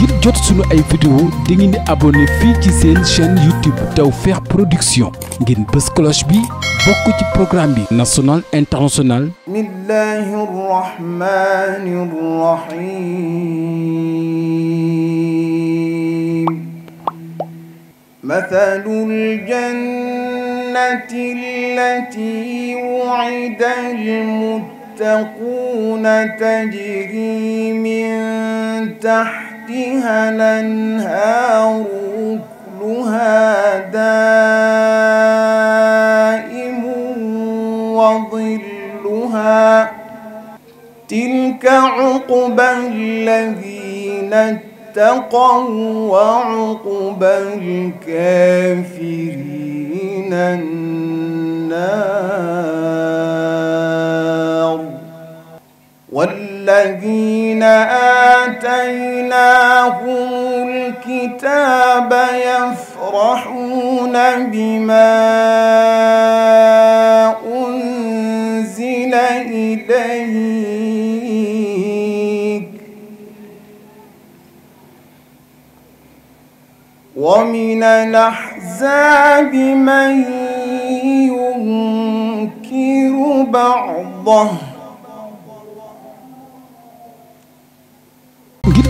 ngir jot suñu ay vidéo di ngeen di abonné fii ci seen chaîne YouTube Tawfekh Production ngeen bës cloche bi bokk ci programme bi national international bismillahi rahmani rahim mathalul jannati allati wu'ida al-muttaquna tajri min tahtiha تحتها الأنهار أكلها دائم وظلها تلك عقبى الذين اتقوا وعقبى الكافرين النار والذين آتيناهم الكتاب يفرحون بما أنزل إليك ومن الأحزاب من ينكر بعضه